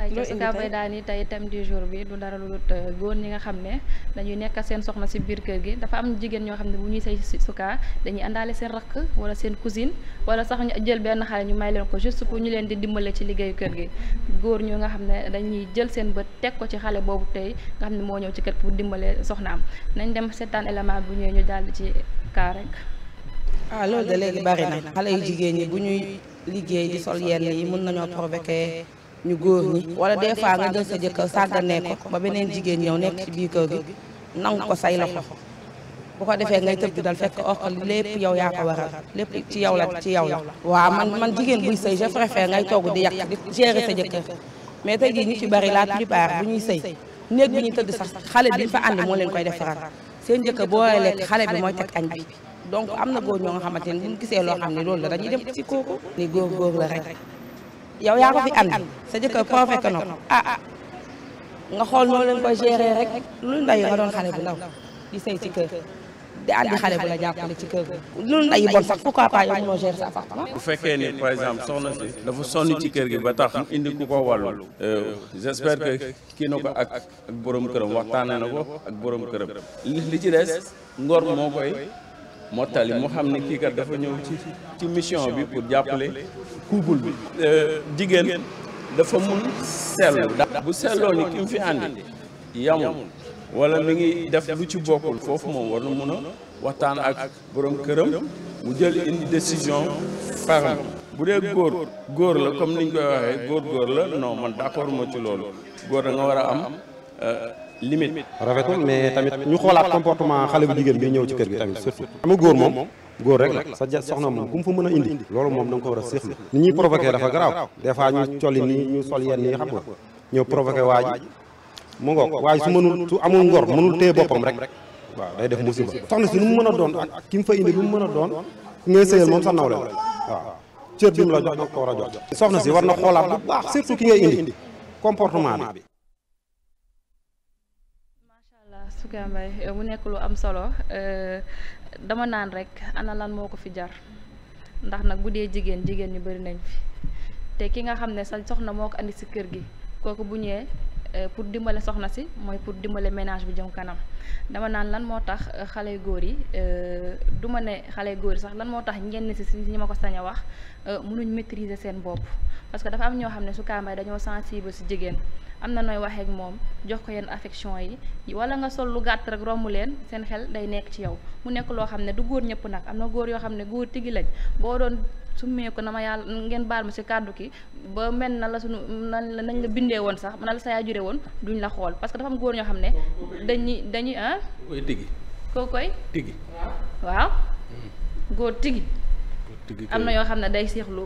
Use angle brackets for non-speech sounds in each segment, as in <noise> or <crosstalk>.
ayca su kaa bay daal ni tey thème du jour bi dara lu euh, góor ñi nga xam ne dañuy nekk seen soxna si biir kër gi dafa am jigéen ñoo xam ne bu ñuy say su kaa dañuy àndaale seen rakk wala seen cousine wala sax ñu jël benn xale ñu may leen ko juste pour ñu leen di dimbale ci liggéeyu kër gi góor ñoo nga xam ne dañuy jël seen bët teg ko ci xale boobu tey nga xam moo ñëw ci kër pour dimbale soxnaam nañ dem seetaan élément bu ñëwee ñu daal ci kaa rek. Ah, loolu de léegi bari na xale yu jigéen ñi bu ñuy liggéey di sol yenn yi mun nañoo provoquer ñu góor ñi wala des fois nga jël sa jëkkër sàgganee ko ba beneen jigéen ñëw nekk ci biir kër gi nangu ko say loxo bu ko defee ngay tëb dal fekk or lépp yow yaa ko waral lépp ci yow la ci yow la waaw man man jigéen buy sëy je préfère ngay togg di yàq di gérer sa jëkkër mais tey jii ñu ci bari la plupart bu ñuy sëy néeg bi ñu tëdd sax xale bi ñu moo leen koy defaral seen jëkkër boo lekk xale bi mooy teg añ bi donc am na góor ñoo nga xamante ne bu ñu gisee loo xam ne loolu la dañuy dem ci kooku ni góor góor la rek yow yaa ko fi andi sa jëkkër profet ko noonu ah ah nga xool noo leen koy gérer rek lu ndayu nga doon xale bu ndaw di sëy ci kër di andi xale bu la jàppale ci kër lu ndayu bon sax pourquoi pas yow mënoo gérer sa appartement bu par exemple soxna si dafa sonn ci kër gi ba tax mu indi ku ko wàllu euh, j'espère que kii na ak ak borom këram waxtaane na ko ak borom këram li ci des ngor moo koy mottali mu xam ne kii kat dafa ñëw ci ci mission bi pour jàppale couple bi euh, jigéen dafa mun seetlu bu selloo ni ki mu fi àndi yamul wala mi ngi def lu ci bokkul foofu moom war na mun a waxtaan ak borom këram mu jël une décision ferme bu dee góor góor la comme niñ koy waxee góor góor la non man d'accord ma ci loolu góor da war a am euh, limite rafetul mais tamit ñu xoolaat comportement xale bu jigéen bi ñëw ci kër gi tamit surtout ama góor moom góor rek la sa ja soxna moom ku mu fa mën a indi loolu moom da a séexlu ni ñuy provoqué si lu mu mën a a la jox da ko war a jox soxna si war na xoolaat bu baax surtout ki ngay indi comportement bi tout cas Mbaye euh, mu nekk lu am solo euh, dama naan rek ana lan moo ko fi jar ndax nag bu dee jigéen jigéen ñu bëri nañ fi te ki nga xam ne sa soxna moo ko indi si kër gi kooku bu ñëwee euh, pour dimbale soxna si mooy pour dimbale ménage bi jëm kanam dama naan lan moo tax xale góor yi du ma ne xale góor yi sax lan moo tax ñenn si si ñi ma ko sañ a wax mënuñ maîtriser seen bopp parce que dafa am ñoo xam ne su kaambay dañoo sensible si jigéen am na nooy waxeek moom jox ko yenn affection yi wala nga sol lu gàtt rek romb leen seen xel day nekk ci yow mu nekk loo xam ne du góor ñëpp nag am na góor yoo xam ne góor tigi lañ boo doon summee na ma yàlla ngeen baal ma si kàddu ki ba mel na la suñu nan nañ la bindee woon sax na la sa yaa jure woon duñ la xool parce que dafa am góor ñoo xam ne dañuy dañuy ah koy tigi koo koy tigi waaw hmm. góor tigi am na yoo xam ne day siixlu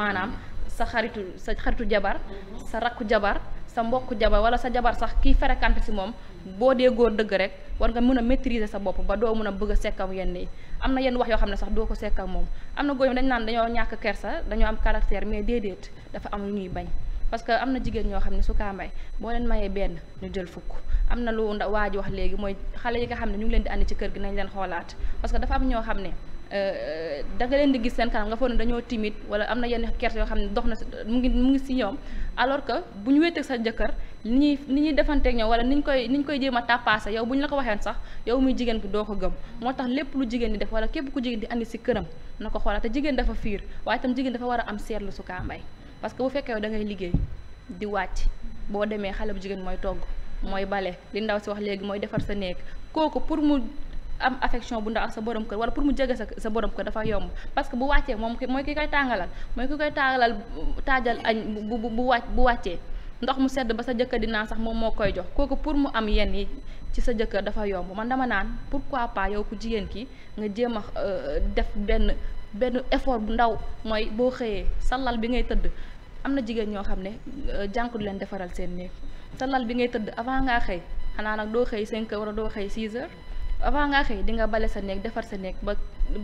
maanaam sa xaritu sa xaritu jabar sa rakku jabar sa mbokku jabar wala sa jabar sax kiy fréquente si moom boo dee góor dëgg rek war nga mën a maîtriser sa bopp ba doo mën a bëgg a sekkam yenn yi am na yenn wax yoo xam ne sax doo ko sekkam moom am na góor dañu naan dañoo ñàkk kersa dañoo am caractère mais déedéet dafa am lu ñuy bañ parce que am na jigéen ñoo xam ne su kaa may boo leen mayee benn ñu jël fukk am na lu waa ji wax léegi mooy xale yi nga xam ne ñu leen di ci kër gi nañ leen xoolaat parce que dafa am ñoo xam ne Euh, euh, da nga leen di gis seen kanam nga foog ne dañoo timide wala am na yenn kerte yoo xam ne dox na mu ngi mu ngi si ñoom alors que bu ñu wéeteeg sa jëkkër ni ñuy ni ñuy defanteeg ñoom wala ni ñu koy ni ñu koy jéem a tàppaase yow bu ñu la ko waxeen sax yow muy jigéen bi doo ko gëm moo tax lépp lu jigéen di def wala képp ku jigéen di andi si këram na ko xoolaat te jigéen dafa fiir waaye itam jigéen dafa war a am seetlu su kaambay parce que bu fekkee yow da ngay liggéey di wàcc boo demee xale bu jigéen mooy togg mooy bale li ndaw si wax léegi mooy defar sa néeg am affection bu ndaw ak sa borom kër wala pour mu jege sa sa borom kër dafa yomb parce que bu wàccee moom mooy ki koy tàngalal mooy ki koy tàngalal taajal añ bu bu wàcc bu wàccee ndox mu sedd ba sa jëkkër di naan sax moom moo koy jox kooku pour mu am yenn yi ci sa jëkkër dafa yomb man dama naan pourquoi pas yow ku jigéen ki nga jéem a euh, def benn benn effort bu ndaw mooy boo xëyee sa lal bi ngay tëdd am na jigéen ñoo xam ne euh, jànku du leen defaral seen néeg sa lal bi ngay tëdd avant ngaa xëy xanaa nag doo xëy 5 heures doo xëy 6 heures avant ngaa xëy di nga bale sa néeg defar sa néeg ba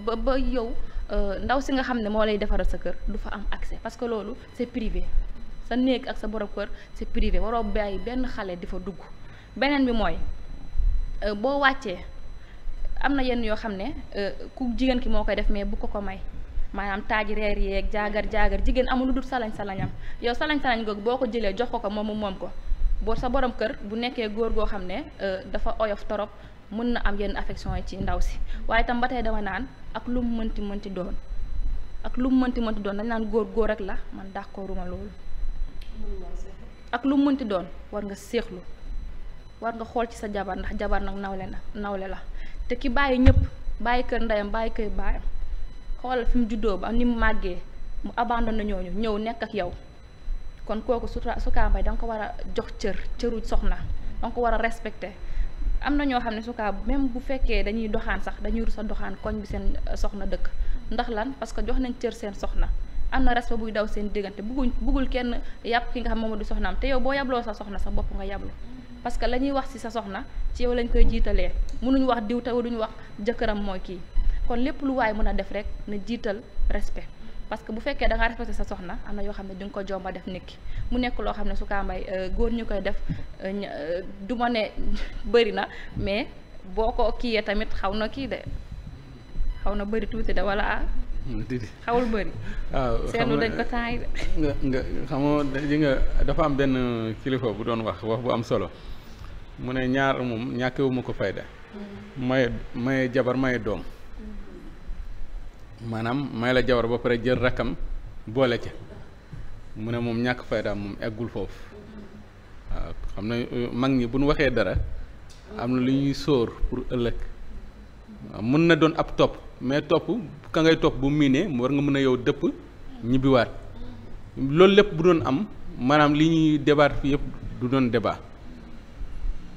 ba ba yow euh, ndaw si nga xam ne moo lay defaral sa kër du fa am accès parce que loolu c'est privé sa néeg ak sa borom kër c'est privé waroo bàyyi benn xale di fa dugg beneen bi mooy euh, boo wàccee am na yenn yoo xam ne euh, ku jigéen ki moo koy def mais bu ko ko may maanaam taaji reer yeeg jaagar jaagar jigéen amul lu dul salañ salañam yow salañ salañ googu boo ko jëlee jox ko moom moom ko boo sa borom kër bu nekkee góor goo xam ne dafa oyof torop mën na am yenn affection yi ci ndaw si waaye itam ba tey dama naan ak lu mu mënti mënti doon ak lu mu mënti mënti doon dañ naan góor góor rek la man d'accorduma loolu ak lu mu mënti doon war nga séexlu war nga xool ci sa jabar ndax jabar nag nawle na nawle la te ki bàyyi ñëpp bàyyi kër ndeyam bàyyi kër baayam xoolal fi mu juddoo ba ni mu màggee mu abandonné ñooñu ñëw nekk ak yow kon kooku su sutura sukaambay da nga ko war a jox cër cëru soxna da ko war a respecté am na ñoo xam ne su kaa même bu fekkee dañuy doxaan sax dañuy sa doxaan koñ bi seen euh, soxna dëkk ndax lan parce que jox nañ cër seen soxna am na respect buy daw seen diggante bugguñ buggul kenn yàpp ki nga xam moom du soxnaam te yow boo yabloo sa soxna sa bopp nga yablu parce que la ñuy wax ci sa soxna ci yow lañ koy jiitalee mënuñ wax diw te duñu wax jëkkëram mooy kii kon lépp lu waaye mën a def rek na jiital respect parce que bu fekkee da ngaa respecté sa soxna am na yoo xam ne di nga ko jomba def nit ki mu nekk loo xam ne su kaa mbay euh, góor ñu koy def euh, euh, du ne <laughs> bëri na mais boo ko kiiyee tamit xaw na kii de xaw na bëri tuuti de wala ah. Hmm, xawul bëri. waaw <laughs> ah, seetlu dañ ko temps de. <laughs> nga nga xamoo dafa am benn kilifa bu doon wax wax bu am solo mu ne ñaar moom ñàkkewuma ko fayda. Hmm. maye maye jabar maye doom. maanaam may la jabar ba pare jël rakkam boole ca mu ne moom ñàkk faydaam moom eggul foofu waaw xam na euh, mag ñi bu nu waxee dara am na lu ñuy sóor pour ëllëg waaw mën na doon ab topp mais topp ka ngay topp bu miinee mu war nga mën a yow dëpp ñibbiwaat loolu lépp bu doon am maanaam li ñuy débat fi yëpp du doon débat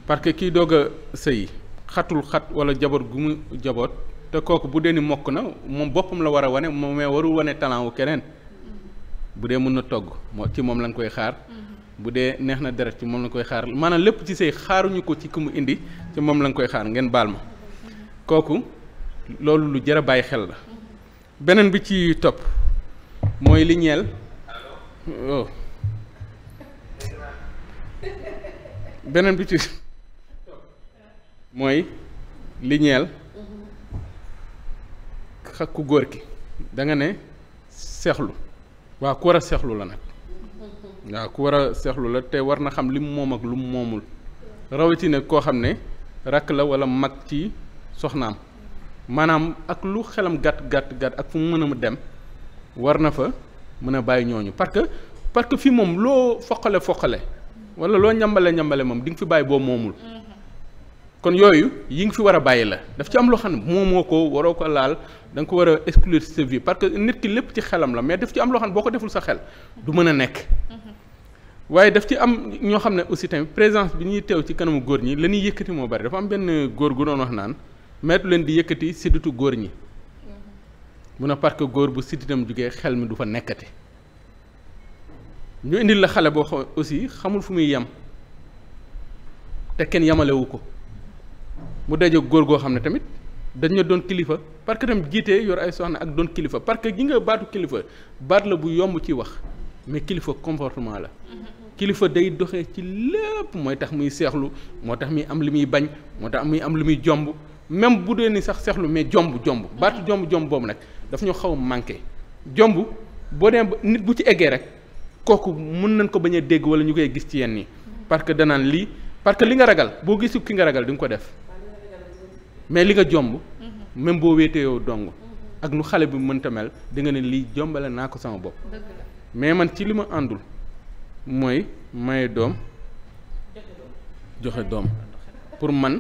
parce que kii doog a sëyi xatul xat wala jaboot gu mu jaboot te kooku bu dee ni mokk na moom boppam la war a wane moom mais warul wane talent keneen bu dee mën na togg ci moom lañ koy xaar. Mm-hmm. bu dee neex na deret ci moom lañ koy xaar maanaam lépp ci say xaaruñu ko ci ku mu indi ci moom lañ koy xaar ngeen baal ma mm-hmm. kooku loolu lu jar a bàyyi xel la. beneen bi ci topp mooy li ñeel oh. beneen bi ci <laughs> mooy li ñeel. ak ku góor ki danga ne seexlu waa ku war a seexlu la nag waaw ku war a seexlu la te war na xam li mu moom ak lu mu moomul rawatina koo xam ne rakk la wala mag ci soxnaam maanaam ak lu xelam gàtt gàtt gàtt ak fu mu mën a dem war na fa mën a bàyyi ñooñu parce que parce que fii moom loo foqale foqale wala loo ñambale ñambale moom di nga fi bàyyi boo moomul. kon yooyu yi nga fi war a bàyyi la daf ci am loo ne moom moo ko waroo ko laal danga ko war a exclure sa vie parce que nit ki lépp ci xelam la mais daf ci am loo xam ne boo ko deful sa xel du mën a nekk. waaye daf ci am ñoo xam ne aussi tamit présence bi ñuy teew ci kanamu góor ñi la ñuy yëkkati moo bari dafa am benn góor gu doon wax naan meetu leen di yëkkati sidditu góor ñi. mun a parce que góor bu sidditam jugee xel mi du fa nekkati ñu indil la xale boo xam aussi xamul fu muy yem te kenn yamalewu ko. mu daje góor goo xam ne tamit dañu doon kilifa parce que tam jiite yor ay soxna ak doon kilifa parce que gi nga baatu kilifa baat la bu yomb ci wax mais kilifa comportement la. kilifa day doxee ci mooy tax muy seexlu moo tax muy am li muy bañ moo tax muy am li muy jomb même bu dee sax seexlu mais jomb jomb baatu jomb jomb boobu nag daf ñoo xaw a manqué jomb boo dee ba nit bu ci eggee rek kooku mën nañ ko bañ a dégg wala ñu koy gis ci yenn yi parce que danaan lii parce que li nga ragal boo gisu ki nga ragal di nga ko def. mais li nga jomb mhm. même boo wéetee yow dong mhm. ak lu xale bi mënta mel di nga ne lii jombale naa ko sama bopp mais man ci li ma àndul mooy maye doom joxe doom pour man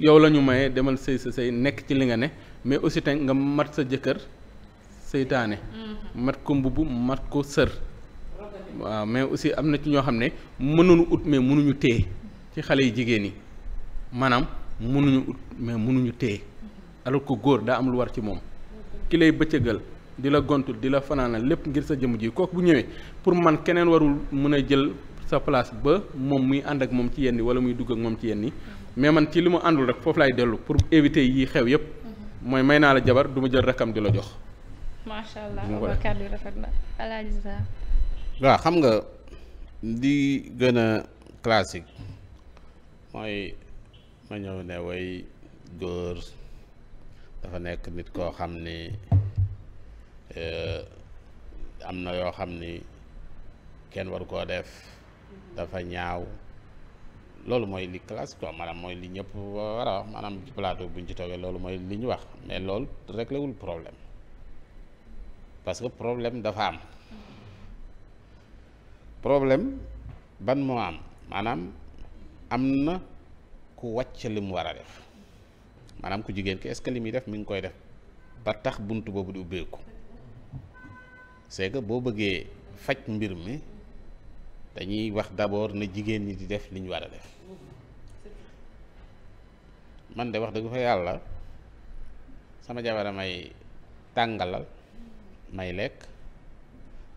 yow lañu maye demal sëy sa sëy nekk ci li nga ne mais aussi te nga mat sa jëkkër seytaane mhm. mat ko mbubb mat ko sër waa mais aussi am na ci ñoo xam ne mënoonu ut mais mënuñu téye ci xale yi jigéen yi maanaam mënuñu ut mais munuñu téye alors ko góor daa am lu war ci moom ki lay bëccëgal di la gontul di la fanaanal lépp ngir sa jëmm ji kooku bu ñëwee pour man keneen warul mun a jël sa place ba moom muy ànd ak moom ci yenn wala muy dugg ak moom ci yenn mais man ci li mu àndul rek foofu laay dellu pour éviter yi xew yépp mhm. mooy may naa la jabar duma jël rakam di la jox. macha allah kàddu yi rafet na Alaaji Sarr xam nga di gën a classique mooy. ma ñëw ne way góor dafa nekk nit koo xam ni eh, am na yoo xam ni kenn waru koo def dafa ñaaw loolu mooy li classe quoi maanaam mooy li ñëpp war a wax maanaam ci plateau buñ ci toogee loolu mooy li ñu wax mais lool réglé wul problème parce que problème dafa am problème ban moo am maanaam am na ku wàcc li mu war a def maanaam ku jigéen ki est-ce que li muy def mu ngi koy def ba tax bunt boobu di ubbeeku c'est que boo bëggee faj mbir mi dañuy wax d'abord na jigéen ñi di def li ñu war a def man de wax dëgg fa yàlla sama jabara may tàngalal may lekk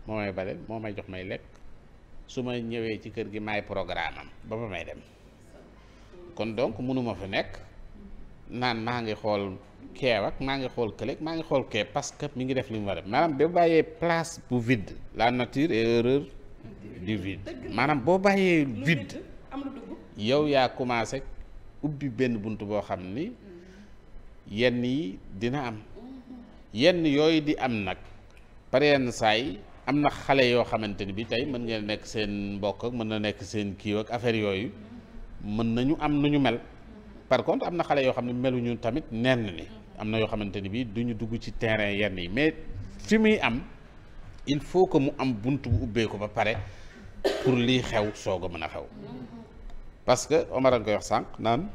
moo may bale moo may jox may lekk su ma ñëwee ci kër gi maay programme am ba ba may dem kon donc mënuma fi nekk naan maa ngi xool keew ak maa ngi xool këlëg maa ngi xool kee parce que mi ngi def li mu war a maanaam boo bàyyee place bu vide la nature est di du maanaam boo bàyyee vide yow yaa commencé ubbi benn bunt boo xam ni yenn yi dina am yenn yooyu di am nag par yenn saay am na xale yoo xamante ni bi tey mën ngeen nekk seen mbokk ak mën na nekk seen kiiw ak affaire yooyu mën nañu am nu ñu mel par contre am na xale yoo xam ne meluñu tamit nenn ni am na yoo xamante ni bii duñu dugg ci terrain yenn yi mais fi muy am il faut que mu am bunt bu ubbee ko ba pare pour lii xew soog a mën a xew parce que Omar koy wax sànq naan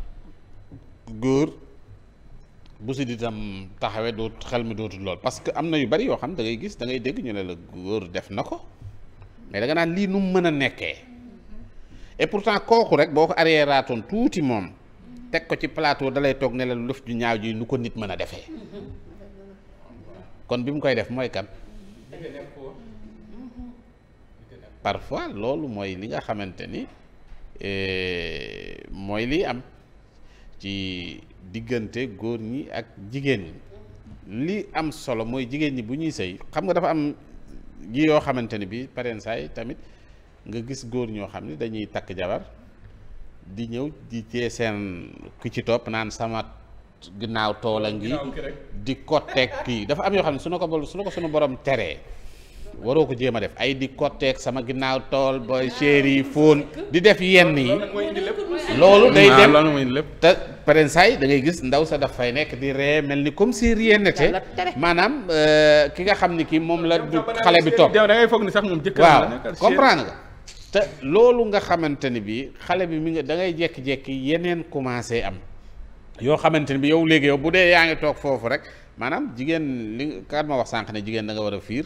góor bu si di tam taxawee doot xel mi dootul lool parce que am na yu bari yoo xam da ngay gis da ngay dégg ñu ne la góor def na ko mais danga naan lii nu mu mën a nekkee. et pourtant kooku rek boo ko arriéraatoon tuuti moom teg ko ci plateau dalay toog ne la lëf ju ñaaw ji lu ko nit mën a defee kon bi mu koy def mooy kan parfois loolu mooy li nga xamante ni e, mooy liy am ci diggante góor ñi ak jigéen ñi li am solo mooy jigéen ñi bu ñuy sëy xam nga dafa am gi yoo xamante ni bi pareen saay tamit nga gis góor ñoo xam ne dañuy takk jabar di ñëw di tee seen ki ci topp naan sama ginnaaw toola ngi di ko teg kii dafa am yoo xam ne su na ko su na ko sunu borom teree waroo ko jéem a def ay di kotteeg sama ginnaaw tool booy chéri fóon di def yenn yi loolu day dem te prensaay da ngay gis ndaw sa daf fay nekk di ree mel ni comme si rien n'était maanaam euh, ki nga xam ni kii moom la du xale bi topp waaw comprendre nga te loolu nga xamante ni bi xale bi mu nga da ngay jékki-jékki yeneen commencé am yoo xamante ni bi yow léegi yow bu dee yaa ngi toog foofu rek maanaam jigéen li kat ma wax sànq ne jigéen danga war a fiir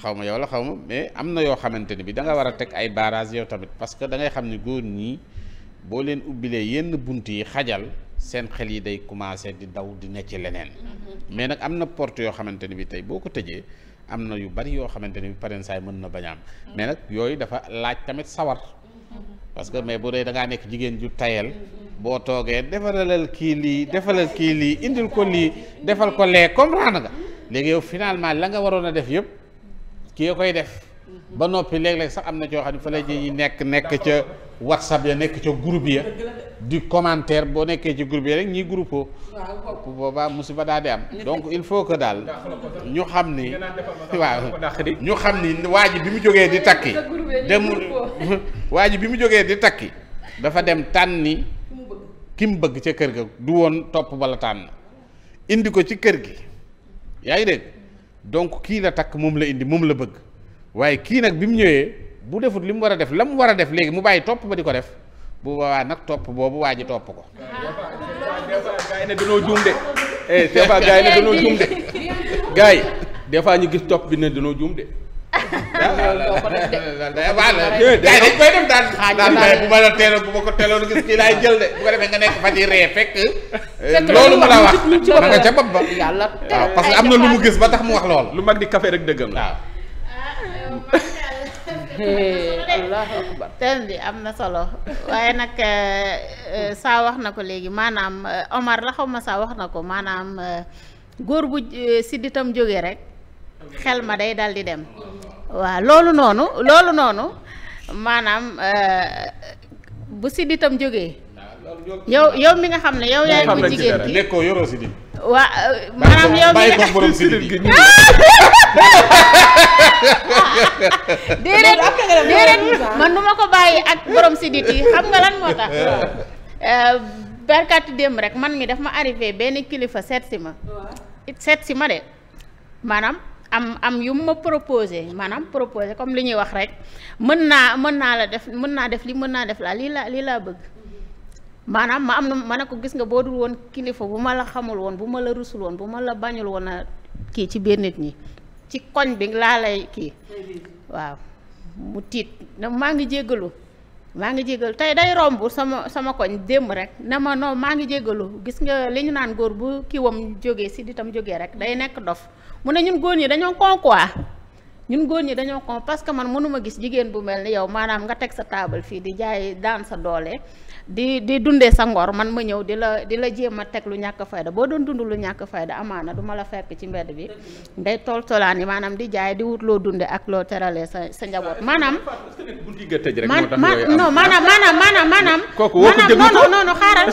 xaw ma yow la xaw ma mais am na yoo xamante ni bi da nga war a teg ay barrage yow tamit parce que da ngay xam ni góor ñi boo leen ubbilee yenn bunt yi xajal seen xel yi day commencé di daw di ne ci leneen mm-hmm. mais nag am na porte yoo xamante ni bi tey boo ko tëjee am na yu bari yoo xamante ni parrain saay mën na bañ a am mais nag yooyu dafa laaj tamit sawar parce que mais bu dee da ngaa nekk jigéen ju tayel boo toogee defaralal kii lii defalal kii lii indil ko lii defal ko lee comprendre nga léegi yow finalement la nga waroon a def yëpp kii koy def ba noppi léeg-léeg sax am na coo xam ne fa la ñuy nekk nekk ca whatsapp ya nekk ca groupe ya di commentaire boo nekkee ci groupe ya rek ñi groupo o bu boobaa musiba daal di am donc il faut que daal ñu xam ni waaw ñu xam ni waa ji bi mu jógee di takki demul <laughs> waa bi mu jógee di takki dafa dem tànni ki mu bëgg ca kër ga du woon topp bala tànn indi ko ci kër gi yaa ngi dégg donc kii la takk moom la indi moom la bëgg waaye kii nag bi mu ñëwee bu defut li mu war a def la mu war a def léegi mu bàyyi topp ba di ko def bu boobaa nag topp boobu waa ji topp ko. gaay ne dañoo juum de. eh c'est pas ne dañoo juum de. gaay yi fois ñu gis topp bi ne dañoo juum de. day dañ koy def daal daal bu ma la teeloon bu ma ko teeloon gis kii laay jël de bu ko defee nga nekk fa di ree fekk eh, loolu mu la wax ma ca bopp ba waaw parce que am na lu mu gis ba tax mu wax lool lu mag di café rek dëggam la allahu akbar bi <laughs> am na solo waaye nag eh, eh, saa wax na ko léegi maanaam eh, Omar la xaw ma saa wax na ko maanaam góor bu sidditam jógee rek xel ma day dal di dem waaw loolu noonu loolu noonu maanaam bu sidditam jógee yow yow mi nga xam ne yow yaay bu jigéen ki nekkoo yoroo waa maanaam yow mi nga <laughs> <laughs> déedéet man du ko bàyyi ak borom si yi xam nga lan moo tax euh, barkaati démb rek man mi daf ma arrivé benn kilifa seet si ma seet si ma de maanaam am am yu ma proposé maanaam proposé comme li ñuy wax rek mën naa mën naa la def mën naa def li mën naa def laa lii laa lii laa bëgg maanaam ma am na ma ne ko gis nga boo dul woon kilifa bu ma la xamul woon bu ma la rusul woon bu ma la bañul woon a kii ci biir nit ñi ci koñ bi laa lay kii waaw mu tiit na maa ngi jéggalu maa ngi jéggalu tey day romb sama sama koñ démb rek na ma non maa ngi jéggalu gis nga li ñu naan góor bu kiiwam jógee si ditam jógee rek day nekk dof mu ne ñun góor ñi dañoo kon quoi ñun góor ñi dañoo kon que man mënuma gis jigéen bu mel ni yow maanaam nga teg sa taabal fii di jaay daan sa doole di di dundee sa ngor man ma ñëw di la di la jéem a teg lu ñàkk fayda boo doon dund lu ñàkk fayda amaana du ma la fekk ci mbedd bi day tool tolaan yi maanaam di jaay di wut loo dunde ak loo teralee sa sa njaboot maanaam man non maanaam maanaam maanaam maanaam maanaam non non xaaral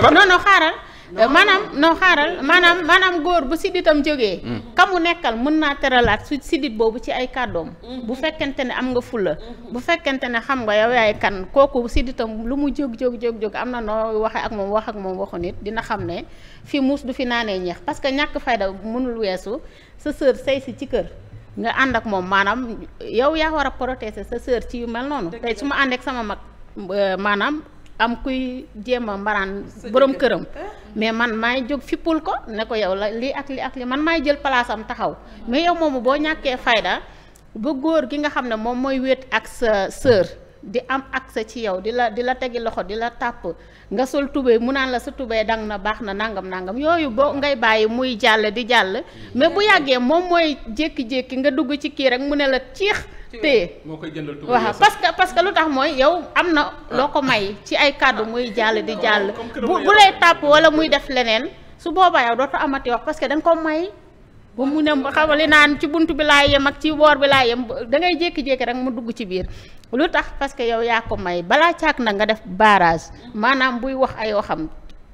xaaral non xaaral Euh, maanaam noo xaaral maanaam maanaam góor bu sidditam jógee hmm. ka mu nekkal mën naa teralaat su siddit boobu ci ay kàddoom hmm. bu fekkente ne am nga fulla hmm. bu fekkente ne xam nga yow yaay kan kooku sidditam lu mu jóg jóg jóg jóg am na noo waxe ak moom wax ak moom waxu nit dina xam ne fi muus du fi naanee ñeex parce que ñàkk fayda mënul weesu sa sœur say si ci kër nga ànd ak moom maanaam yow yaa war a protéger sa sœur ci yu mel noonu tey su ma àndeek sama mag euh, maanaam am kuy jéem a mbaraan borom këram mais man maay jóg fippul ko ne ko yow la lii ak li ak lii man may jël place am taxaw mais yow moomu boo ñàkkee fayda ba góor gi nga xam ne moom mooy wéet ak sa sœur di am ak sa ci yow di la di la tegi loxo di la tàpp nga sol tubéy mu naan la sa tubéy dang na baax na nangam nangam yooyu boo ngay bàyyi muy jàll di jàll mais bu yàggee moom mooy jékki-jékki nga dugg ci kii rek mu ne la ciix téye moo koy jëndal waaw parce que parce que lu tax mooy yow am na ah. loo ko may ci ay kàddu muy jàll di jàll bu bu lay tàpp wala muy def leneen su boobaa yow dootu amati wax parce que da nga ko may ba mu ne xam li naan ci bunt bi laa yem ak ci boor bi laa yem da ngay jékki-jékki rek mu dugg ci biir lu tax parce que yow yaa ko may balaa caag na nga def barrage maanaam buy wax ay waxam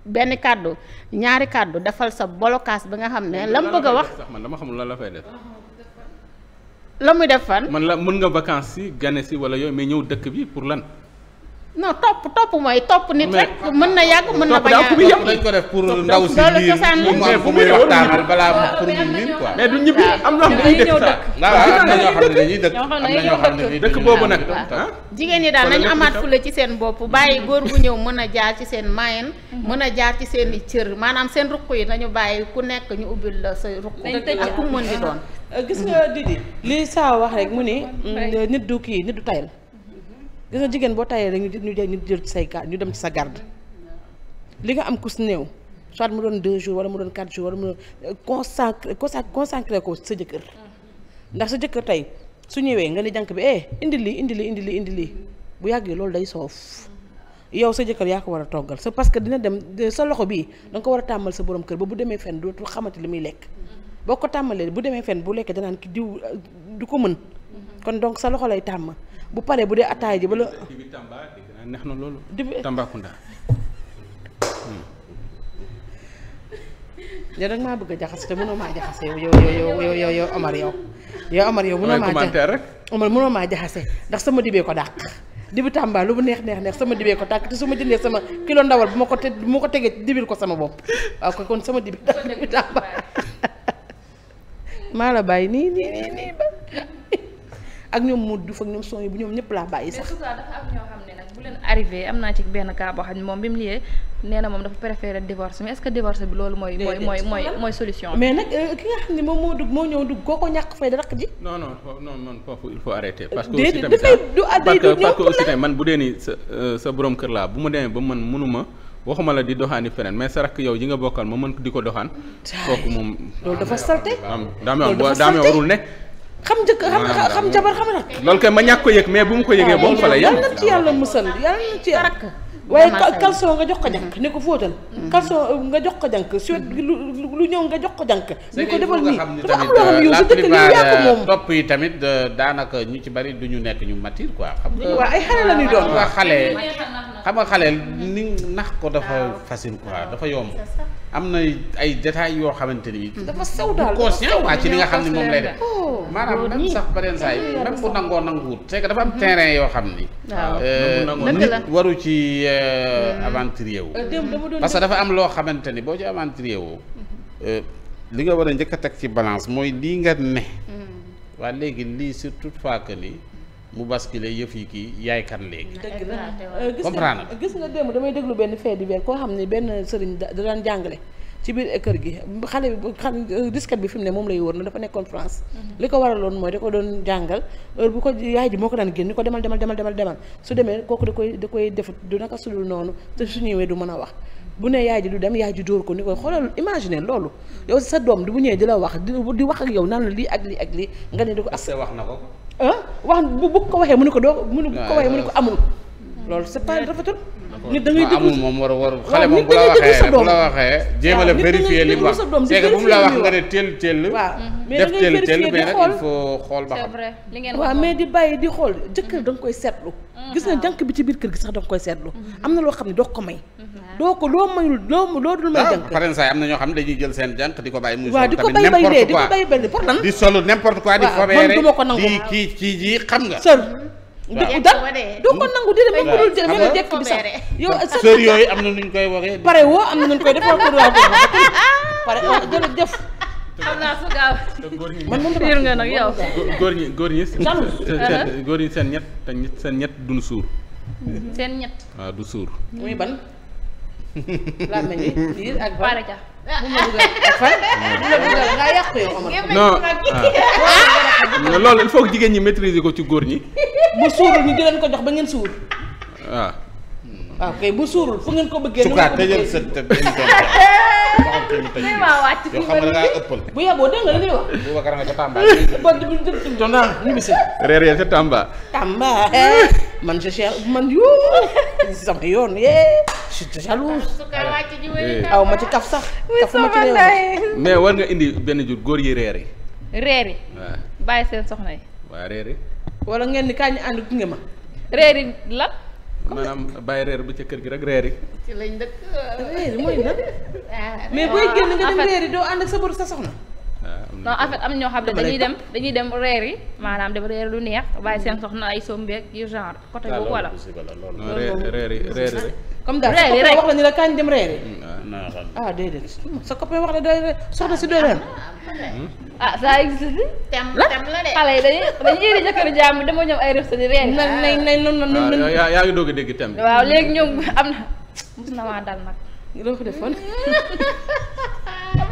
benn kàddu ñaari kàddu defal sa bolokaas bi nga xam ne. la mu bëgg a wax man dama xamul lan la fay la muy def fan. man la mën nga vacances si gane si wala yooyu mais ñëw dëkk bi pour lan. non topp topp mooy topp nit rek. mën na yàgg mën na bañ a. topp dañ ko def pour ndaw si biir fu muy waxtaan balaa pour na ñuy ah, na ñoo xam ne dañuy dëkk. am na ñoo xam ne dëkk boobu nag. Ah? Ah? jigéen ñi daal nañu amaat fula ci seen bopp mm-hmm. bàyyi góor bu ñëw mën a jaar ci seen mayen. Mm-hmm. mën a jaar ci seen i maanaam seen ruq yi nañu bàyyi ku nekk ñu ubbil la sa ruq. ak ku mën di gis nga li saa wax rek mu ni mm-hmm. nit du kii nit du tayal gis nga jigéen boo tayee rek ñu ñu jël ci say garde ñu dem ci sa garde li nga am kus néew soit mu doon deux jours wala mu doon quatre jours wala mu doon euh, consacré consacré ko sa jëkkër ndax sa jëkkër tey su ñëwee nga ne jànk bi eh indi lii indi lii indi lii indi lii bu yàggee loolu day soof yow sa jëkkër yaa ko war a toggal sa parce que dina dem sa loxo bii da ko war a tàmmal sa borom kër ba bu demee fen dootul xamante li muy lekk boo ko tàmmalee bu demee fen bu lekkee danaan ki diw euh, du ko mën kon donc sa loxo lay tàmm bu paree bu dee attaay ji ba la. dibi Tamba dégg naa na loolu. dibi Tambacounda. yow da nga maa bëgg a jaxase te mënoo maa jaxase yow yow yow yow yow yow Omar yow. yow Omar mënoo maa commentaire jaxase ndax sama dibee ko dàq. dibi Tamba lu mu neex neex neex sama dibee ko tàkk te su ma jëndee sama kilo ndawal bu ma ko te bu ma ko tegee dibir ko sama bopp waaw kon sama dibi dàq dibi maa la bàyyi nii nii nii nii ak ñoom Modou Diouf ak ñoom son yi bu ñoom ñëpp laa bàyyi sax. bu leen arrivé am naa ci benn cas xam ne moom bi mu liyee nee na moom dafa préféré divorce mais est-ce que divorce bi loolu mooy. mooy mooy mooy euh, moo dugg moo ñëw dugg koo ko ñàkk fay rakk ji. non non non man foofu il que aussi tamit parce que parce que aussi tamit man bu dee ni sa euh, sa borom kër laa bu ma demee ba man mënuma waxuma la di doxaani feneen mais sa rakk yow ji nga bokkal ma mën di ko doxaan. kooku moom. loolu dafa salté. loolu dafa salté daa warul nekk xam njëkk xam xam jabar xam rak loolu kay ma ñàkk ko yëg mais bu mu ko yëgee boobu fa la yem yàlla na ci yàlla musal yàlla na ci rakk waaye calson mm-hmm. mm-hmm. euh, nga jox ko jànk ne ko fóotal calson nga jox ko jànk suet ñëw nga jox ko jànk ni nii dafa am loo xam euh, yow sa euh, yi tamit daanaka ñu ci bari du ñu nekk ñu matir quoi xam nga ay xale la ñuy doon nga xale xam nga xale ni dafa yomb am na ay détails yoo xamante ni dafa sew daal ci li nga xam ne moom lay def maanaam même sax beneen saa yi même bu nangoo nanguwut c'est dafa am terrain yoo xam ni. waaw euh, nit waru ci euh, hmm. aventurier wu. Euh, parce que dafa am loo xamante ni boo ci aventurier wu. Mm-hmm. li nga war a njëkk a teg ci balance mooy lii nga ne. Mm. waa léegi lii surtout fois que ni. mu basculé yëf yi kii yaaykat léegi. dëgg la comprendre gis nga démb damay déglu benn fait divers koo xam ne benn sëriñ da daan jàngale. ci biir e kër gi xale bi xam disquette bi fi mu ne moom lay wër na dafa nekkoon France mhm. li ko waraloon mooy da ko doon jàngal heure ji moo ko daan génn ko demal demal demal demal demal su demee kooku da koy da koy def du naka sudul noonu te su ñëwee du mën a wax bu ne yaay du dem yaay ji dóor ko ni koy xoolal imaginer loolu yow sa doom du bu ñëwee di la wax di wax ak yow naan lii ak lii ak lii nga ne di ko as wax na ko ah wax bu bu ko waxee mu ne ko doo mu ne bu ko waxee mu ne ko amul mm. loolu c'est pas rafetul nit da ngay déglu amul moom war war xale moom bu a la mu wax léegi bu mu la wax nga ne teel teel di xool il faut di koy seetlu mm-hmm. gis na ah. jànk bi ci biir kër gi sax da nga koy seetlu mm-hmm. am na loo xam ne doo ko may mm-hmm. doo ko loo mayul loo loo dul may ah, jànk par exemple am na di ko bàyyi muy di ko bàyyi bay ko bàyyi bay kii kii ji xam nga waaw doo ko nangu dina même bu dul jël même jekk bi sax yow sër yooyu am na nuñ koy waxee pare woo am na nuñ koy def ko doo ko pare oh, jërëjëf xam def man moom fiir nga nag yow góor ñi góor ñi góor ñi seen ñett te seen ñett duñ suur seen ñett waaw du suur muy ban laaj nañu liir ah. <laughs> loolu il faut jigéen ñi maîtriser ko ci góor ñi bu suurul ñu di leen ko jox ba ngeen suur. waaw. waaw kay bu suurul fu ngeen ko bëggee. nu ngeen ko bëggee bu yeboo dégg nga li ñuy wax. Boubacar nga ca Tamba. ñu ngi reer ya ca Tamba. Tamba. man je cherche man yoo sama yoon yee je suis jalouse. aw ma ci kaf sax. kafu ma ci réew mais war nga indi benn jur góor yi reer yi. reer yi. waaw bàyyi seen soxna yi. waa reer yi. wala ngeen di kaay ñu ànd gunge ma. reer yi lan. maanaam bàyyi reer bi ca kër gi rek reer yi. ci lañ dëkk. reer mooy nag. Ah, mais booy génn nga dem reer doo ànd ak sa bor sa soxna. Ah, non en fait am ñoo xam ne dañuy dem dañuy dem reer yi maanaam dem reer lu neex bàyyi seen soxna ay sombeek yu genre côté ah, boobu wala. loolu reer yi reer comme daal sa copain wax la ni la kañ dem reeri mm, ah, ah déedéet sa copain wax la day soxna si doy ah ça existe. tem la de xale yi dañuy dañuy indi jëkkër jàmm dama ñoom ay rëb sa di reer. waaw nañ nañ nañ nañ waaw yaa ngi doog a dégg tem waaw léegi ñoom am na mos na maa dal nag. loo ko defoon. <laughs>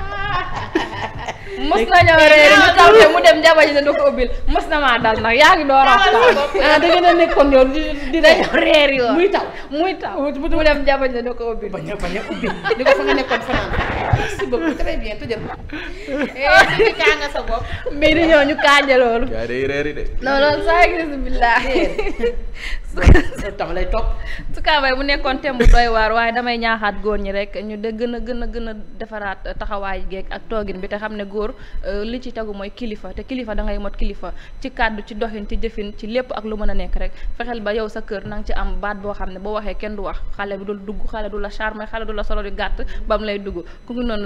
mos na ñëw réer mu taw te mu dem jabar ji ne du ko ubbil mos na maa dal nag yaa ngi a ah, da ngeen a nekkoon yow di di dañoo réer yi muy taw muy taw mu dem jabar ji ne du ko ubbil bañ a bañ a ubbil di ko fa nga nekkoon fanaan saa gis billah tam <laughs> lay toog. su kaabay bu nekkoon thème bu waar waaye damay ñaaxaat góor ñi rek ñu de gën a gën a gën a defaraat taxawaay geeg ak toogin bi te xam ne góor euh, li ci tegu mooy kilifa te kilifa da ngay mot kilifa ci kàddu ci doxin ci jëfin ci lépp ak lu mën a nekk rek fexeel ba yow sa kër na nga ci am baat boo xam ne boo waxee kenn du wax xale bi dul dugg xale du la charmer xale du la solo di gàtt ba lay dugg ku ngi noonu